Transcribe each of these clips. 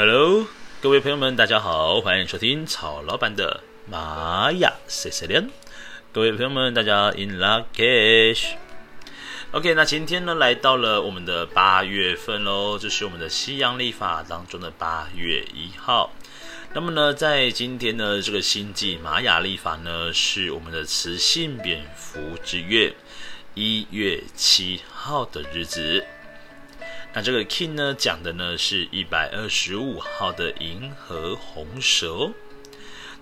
Hello，各位朋友們，大家好，歡迎收聽曹老板的瑪雅碎碎念，各位朋友們，大家 In Lak'ech。OK，那今天呢，來到了我們的八月份嘍，這是我們的西洋曆法當中的八月一號。那麼呢，在今天呢，這個星際瑪雅曆法呢，是我們的磁性蝙蝠之月一月七號的日子。那這個 Kin 呢，講的呢是一百二十五號的銀河紅蛇。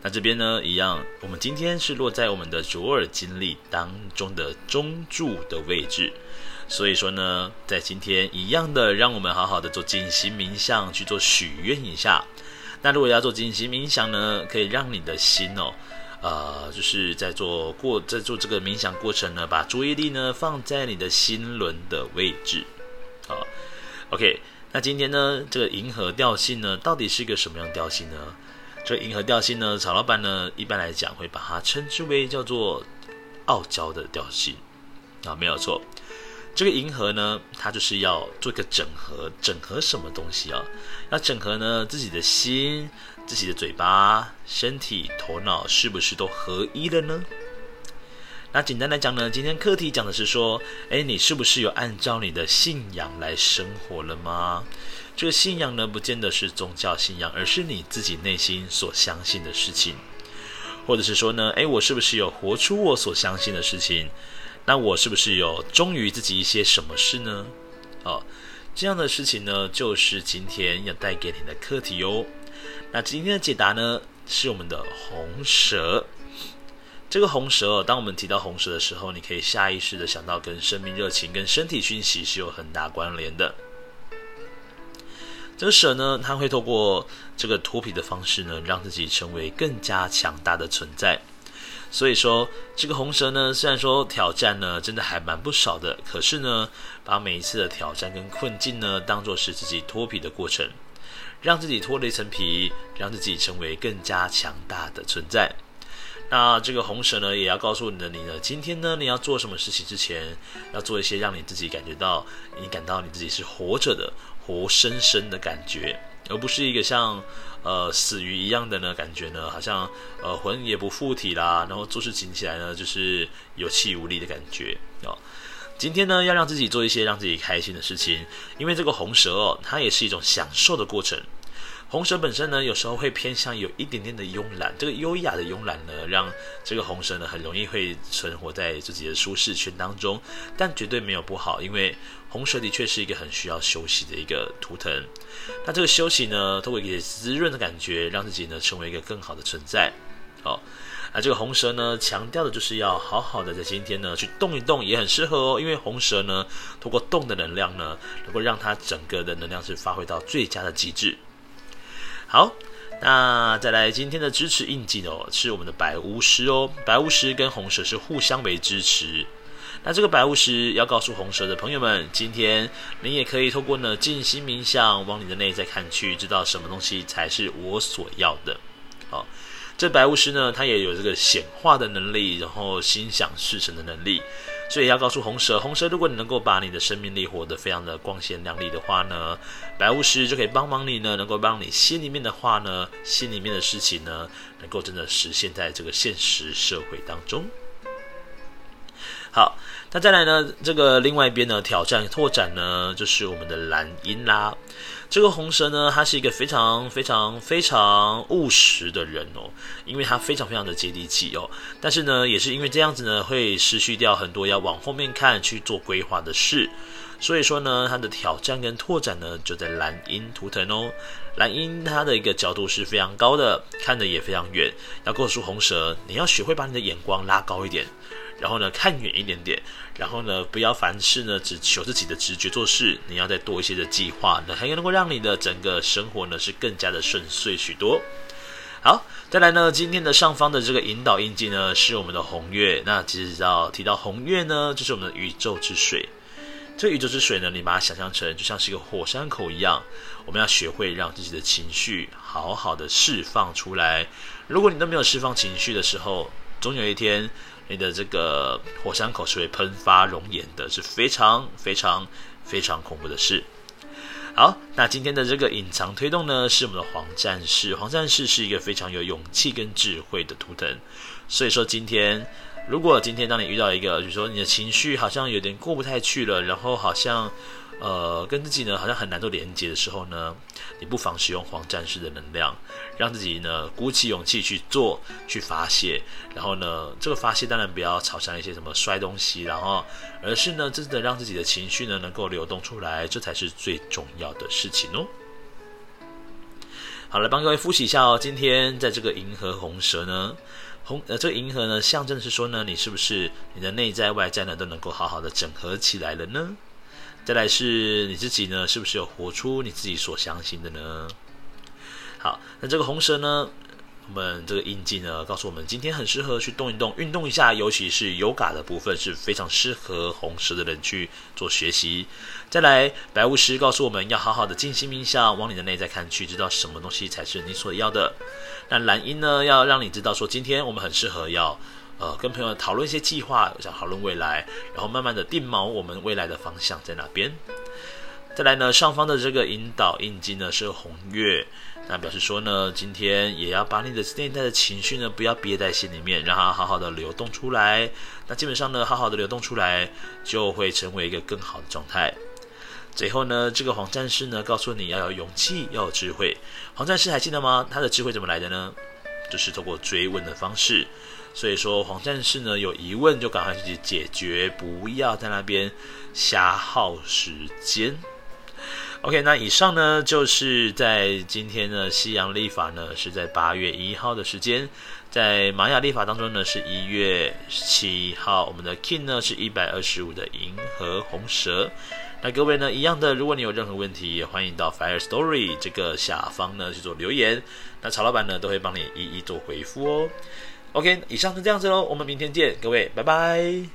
那這邊呢一樣，我們今天是落在我們的卓爾金曆當中的中柱的位置。所以說呢，在今天一樣的，讓我們好好的做靜心冥想去做許願一下。那如果要做靜心冥想呢，可以讓你的心哦，呃，就是在做過在做這個冥想過程呢，把注意力呢放在你的心輪的位置。OK，那今天呢，這個銀河調性呢，到底是個什麼樣調性呢？這個銀河調性呢，曹老闆呢，一般來講會把它稱之為叫做傲嬌的調性。啊，沒有錯。這個銀河呢，它就是要做一個整合，整合什麼東西啊？要整合呢，自己的心、自己的嘴巴、身體、頭腦，是不是都合一了呢？那簡單來講呢，今天課題講的是說，誒，你是不是有按照你的信仰來生活了嗎？這個信仰呢，不見得是宗教信仰，而是你自己內心所相信的事情，或者是說呢，誒，我是不是有活出我所相信的事情？那我是不是有忠於自己一些什麼事呢？哦，這樣的事情呢，就是今天要帶給你的課題喲、哦。那今天的解答呢，是我們的紅蛇。這個紅蛇，當我們提到紅蛇的時候，你可以下意識地想到跟生命熱情、跟身體訊息是有很大關聯的。這個蛇呢，它會透過這個脫皮的方式呢，讓自己成為更加強大的存在。所以說，這個紅蛇呢，雖然說挑戰呢，真的還蠻不少的，可是呢，把每一次的挑戰跟困境呢，當作是自己脫皮的過程，讓自己脫了一層皮，讓自己成為更加強大的存在。那這個紅蛇呢，也要告訴你的你呢，今天呢，你要做什麼事情之前，要做一些讓你自己感覺到，你感到你自己是活着的，活生生的感覺，而不是一個像，呃，死魚一樣的呢感覺呢，好像呃魂也不附體啦，然後做事緊起來呢，就是有氣無力的感覺哦。今天呢，要讓自己做一些讓自己開心的事情，因為這個紅蛇哦，它也是一種享受的過程。紅蛇本身呢，有時候會偏向有一點點的慵懶，這個優雅的慵懶呢，讓這個紅蛇呢很容易會生活在自己的舒適圈當中，但絕對沒有不好，因為紅蛇的確是一個很需要休息的一個圖騰。那這個休息呢，透過一些滋潤的感覺，讓自己呢成為一個更好的存在。好、哦，那這個紅蛇呢，強調的就是要好好的在今天呢去動一動，也很適合哦，因為紅蛇呢，通過動的能量呢，能夠讓它整個的能量是發揮到最佳的極致。好，那再來今天的支持印記哦，是我們的白巫師哦。白巫師跟紅蛇是互相為支持。那這個白巫師要告訴紅蛇的朋友們，今天你也可以透過呢靜心冥想，往你的內在看去，知道什麼東西才是我所要的。好，這白巫師呢，他也有這個顯化的能力，然後心想事成的能力。所以要告訴紅蛇，紅蛇，如果你能夠把你的生命力活得非常的光鮮亮麗的話呢，白巫師就可以幫忙你呢，能夠幫你心裡面的話呢，心裡面的事情呢，能夠真的實現在這個現實社會當中。好，那再來呢，這個另外一邊呢，挑戰拓展呢，就是我們的藍鷹啦。這個紅蛇呢，他是一個非常非常非常務實的人哦，因為他非常非常的接地氣哦。但是呢，也是因為這樣子呢，會失去掉很多要往後面看去做規劃的事。所以說呢，他的挑戰跟拓展呢，就在藍鷹圖騰哦。藍鷹它的一個角度是非常高的，看得也非常遠。要告訴紅蛇，你要學會把你的眼光拉高一點。然後呢，看遠一點點。然後呢，不要凡事呢只求自己的直覺做事，你要再多一些的計劃，那才能夠讓你的整個生活呢是更加的順遂許多。好，再來呢，今天的上方的這個引導印記呢是我們的紅月。那其實只要提到紅月呢，就是我們的宇宙之水。這個宇宙之水呢，你把它想象成就像是一個火山口一樣，我們要學會讓自己的情緒好好的釋放出來。如果你都沒有釋放情緒的時候，總有一天。你的這個火山口是會噴發熔岩的，是非常非常非常恐怖的事。好，那今天的這個隱藏推動呢，是我們的黃戰士。黃戰士是一個非常有勇氣跟智慧的圖騰，所以說今天如果今天當你遇到一個，比如說你的情緒好像有點過不太去了，然後好像，呃，跟自己呢好像很難做連接的時候呢，你不妨使用黃戰士的能量，讓自己呢鼓起勇氣去做，去發洩。然後呢，這個發洩當然不要吵上一些什麼摔東西，然後而是呢真的讓自己的情緒呢能夠流動出來，這才是最重要的事情哦。好了，幫各位複習一下哦。今天在這個銀河紅蛇呢，紅呃這個銀河呢象徵的是說呢，你是不是你的內在外在呢都能夠好好的整合起來了呢？再來是你自己呢，是不是有活出你自己所相信的呢？好，那這個紅蛇呢，我們這個印記呢，告訴我們今天很適合去動一動，運動一下，尤其是瑜伽的部分是非常適合紅蛇的人去做學習。再來，白巫師告訴我們要好好的靜心冥想，往你的內在看去，知道什麼東西才是你所要的。那藍鷹呢，要讓你知道說，今天我們很適合要。呃，跟朋友討論一些計劃，想討論未來，然後慢慢的定錨我們未來的方向在哪邊。再來呢，上方的這個引導印記呢是紅月，那表示說呢，今天也要把你的內在的情緒呢不要憋在心裡面，讓它好好的流動出來。那基本上呢，好好的流動出來，就會成為一個更好的狀態。最後呢，這個黃戰士呢，告訴你要有勇氣，要有智慧。黃戰士還記得嗎？他的智慧怎麼來的呢？就是透過追問的方式，所以說黃戰士呢，有疑問就趕快去解決，不要在那邊瞎耗時間。OK，那以上呢就是在今天的西洋曆法呢是在八月一號的時間，在瑪雅曆法當中呢是一月七號，我們的 Kin 呢是一百二十五的銀河紅蛇。那各位呢，一樣的，如果你有任何問題，也歡迎到 Firstory 這個下方呢去做留言。那曹老板呢，都會幫你一一做回復哦。OK，以上是這樣子嘍，我們明天見，各位，拜拜。